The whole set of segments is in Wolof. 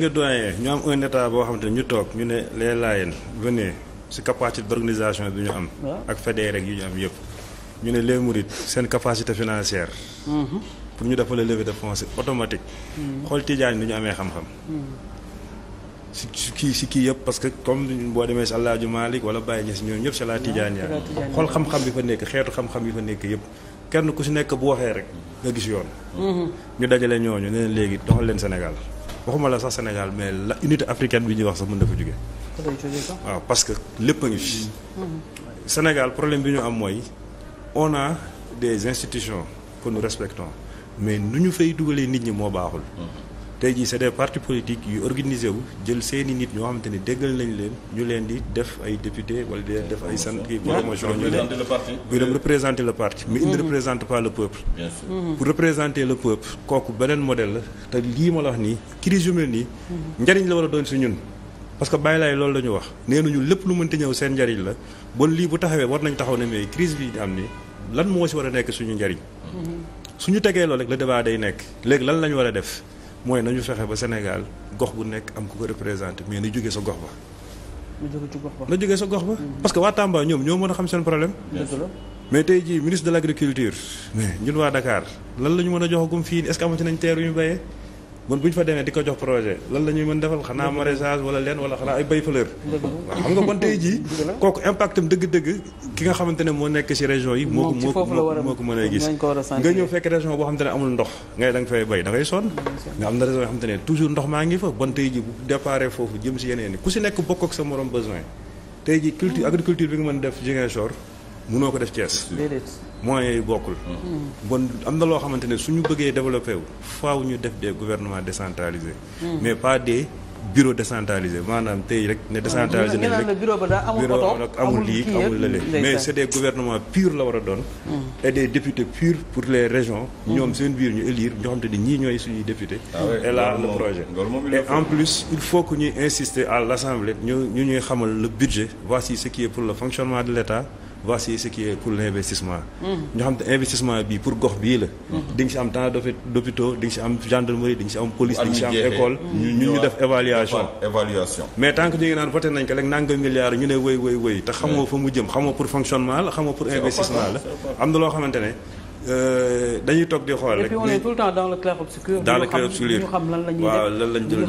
nga doyen ñu am un état boo xam ne ñu toog ñu ne les Layènes venez si capacité d'organisation bi ñu am. ak fédéré rek yu ñu am yëpp. ñu ne les Mourides seen capacité financière. Mm-hmm. pour ñu defal la levée de mm-hmm. xool Tijaan ni ñu amee xam-xam. Mm-hmm. si si kii si kii yëpp parce que comme boo demee si Alaaji Malik wala Baye Niass ñoom ñëpp si la Tijaan xool xam-xam bi fa nekk xeetu xam-xam yi fa nekk yëpp kenn ku si nekk bu waxee rek nga gis yoon. ñu dajale ñooñu ne leen léegi doxal leen Sénégal. waxuma la sax Sénégal mais la unité africaine bi ñuy wax sax mun na fa jóge waaw parce que lépp a ngi fi mhm. Sénégal problème bi ñu am mooy on a des institutions que nous respectons mais nu ñu fay dugalee nit ñi moo baaxul mhm. tey jii c'est des parti politiques yu organisé wu jël seeni nit ñoo xamante ne déggal nañ leen ñu leen di def ay député wala def ay sant kii promotion ñu leen bu dem représenter le parti mhm. le peuple mhm. pour représenter le kooku beneen modèle la te lii ma la wax nii crise yu mel nii mhm. njariñ la war a doon si ñun parce que bàyyi laay loolu la ñu wax nee nañu lépp lu mënti ñëw seen la bon lii bu taxawee war nañ taxaw ne mais crise bi am ni lan moo si war a nekk suñu njariñ suñu tegee loolu rek le débat day nekk léegi lan lañ war a def mooy nañu fexe ba Sénégal gox bu nekk am ku ko représenté mais na jógee sa gox ba. na jóge sa gox ba. Mm-hmm. parce que waa Tamba ñoom ñoo mën a xam seen problème. mais tey jii ministre de l' agriculture. mais ñun waa Dakar lan la ñu mën a joxagum fii est ce que amati nañ teer yu ñu béyee. man bu ñu fa demee di ko jox projet lan la ñuy mën defal xanaa maraîchage wala leen wala xanaa ay bay fleur waaw xam nga kon tey jii kooku impact am dëgg-dëgg ki nga xamante ne moo nekk si région yi moo ko moo ko mën a gis nga ñëw fekk région boo xamante ne amul ndox ngay da nga fay bay da ngay sonn nga am na région yoo xamante ne toujours ndox maa ngi fa bon tey ji bu déparé foofu jëm si yeneen ku si nekk bokk ak sa morom besoin tey ji culture bi nga mën def Ziguinchor mënoo ko def Thiès. moyens yi bokkul. bon am na loo xamante ne suñu bëggee développé wu faaw ñu def des gouvernements décentralisés. Hmm. mais pas des bureaux décentralisés maanaam tey rek ne décentralisé hmm. nañ rek bureau nag amul lii amul lële mais c'est des gouvernements purs la war a doon. Hmm. et des députés purs pour les régions. ñoom seen biir ñu élire ñoo xamante ne ñii ñooy suñuy député. Ah et là le projet. et en plus il faut que ñuy insister à l'assemblée ñu ñu ñuy xamal le budget pour le fonctionnement de l'État. voici ce qui est pour l' ñu hmm. xam te investissement bi pour gox bii la. Hmm. di nga si am temps d' hôpitaux di nga si am gendarmerie di nga si am police di nga am école. Hmm. ñu ñu def évaluation mais tant ñu ngi naan voté nañ ko rek nangam milliards ñu ne wëy wëy wëy te xamoo fa mu jëm xamoo pour fonctionnement la xamoo pour investissement la am na loo xamante ne. Euh, dañuy toog di xool rek. et puis on est tout le temps dans le clair obscur. dans le clair obscur ñu xam lan la ñuy def waaw lan la ñu def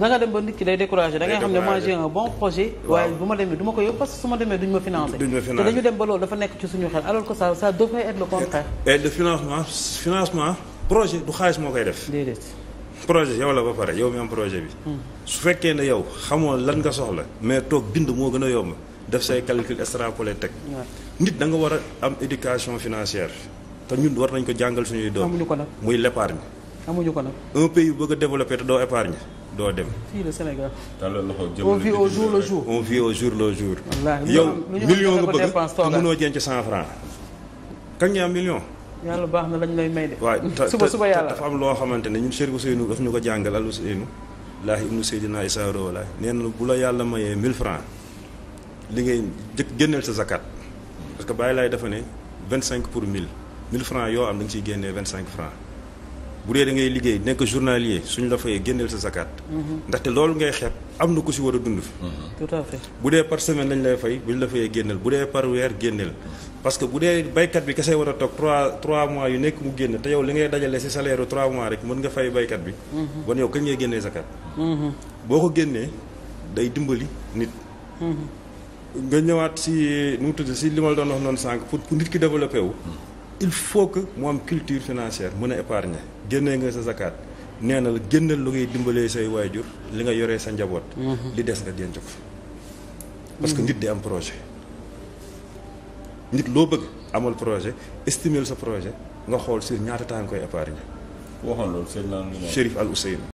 da nga dem ba nit ki day découragé. da xam ne moi j'ai bon projet. waaye bu ma demee du ma ko yóbbu su ma demee duñ ma financé. te dañu dem ba dafa nekk ci suñu xel alors que ça ça devrait être le contraire. et de financement financement projet du xaalis moo koy def. déedéet. projet yow la ba pare yow mi am projet bi. Hmm. su fekkee ne yow xamoo lan nga soxla. mais toog bind moo gën a yomb def say calcul extrapolé teg. nit da nga war a am éducation financière te ñun war nañ ko jàngal suñuy doom. amuñu ko nag muy l' épargne. amuñu ko nag un pays bëgg a développé te doo épargne doo dem. fii le Sénégal. on vit au jour le jour. on vit au jour le jour. yow million nga bëgg mënoo jën ci cent franc. kañ nga am million. yàlla baax na lañ lay may de. suba suba yàlla dafa am loo xamante ne ñun Cheikh Ousseynou daf ñu ko jàngal al Ousseynou. laahi ibnu Seydina Issa Rouhou Laye nee na bu la yàlla mayee 1000 francs li ngay jëkk génneel sa zakat parce que bàyyi laay defa ne vingt cinq pour mille mille francs yoo am da nga ciy génnee vingt cinq francs bu dee da liggéey nekk journalier suñ la fayee génneel sa zakat mhm. ndaxte loolu ngay xeeb am na ku si war a dund fi mhm. tout bu dee par semaine lañ lay fay buñ la fayee génneel bu dee par weer génneel parce que bu dee baykat bi kese war a toog trois trois mois yu nekk mu génn te yow li ngay dajale si salaire trois mois rek mën nga fay baykat bi mhm. bon yow kañ ngay génnee boo ko génnee day dimbali nit nga ñëwaat si nu mu tudd si li ma doon wax noonu sànq pour pour nit ki développé wu. Hmm. il faut que mu am culture financière mën a épargner génnee nga sa zakaat nee na la génnal lu ngay dimbalee say waajur li nga yoree sa njaboot. Hmm. li des nga denc ko. parce que hmm. nit di am projet. nit loo bëgg amal projet estimer sa projet nga xool sur ñaata temps nga koy épargner. waxoon loolu sëñ Chérif Al Ousseynou.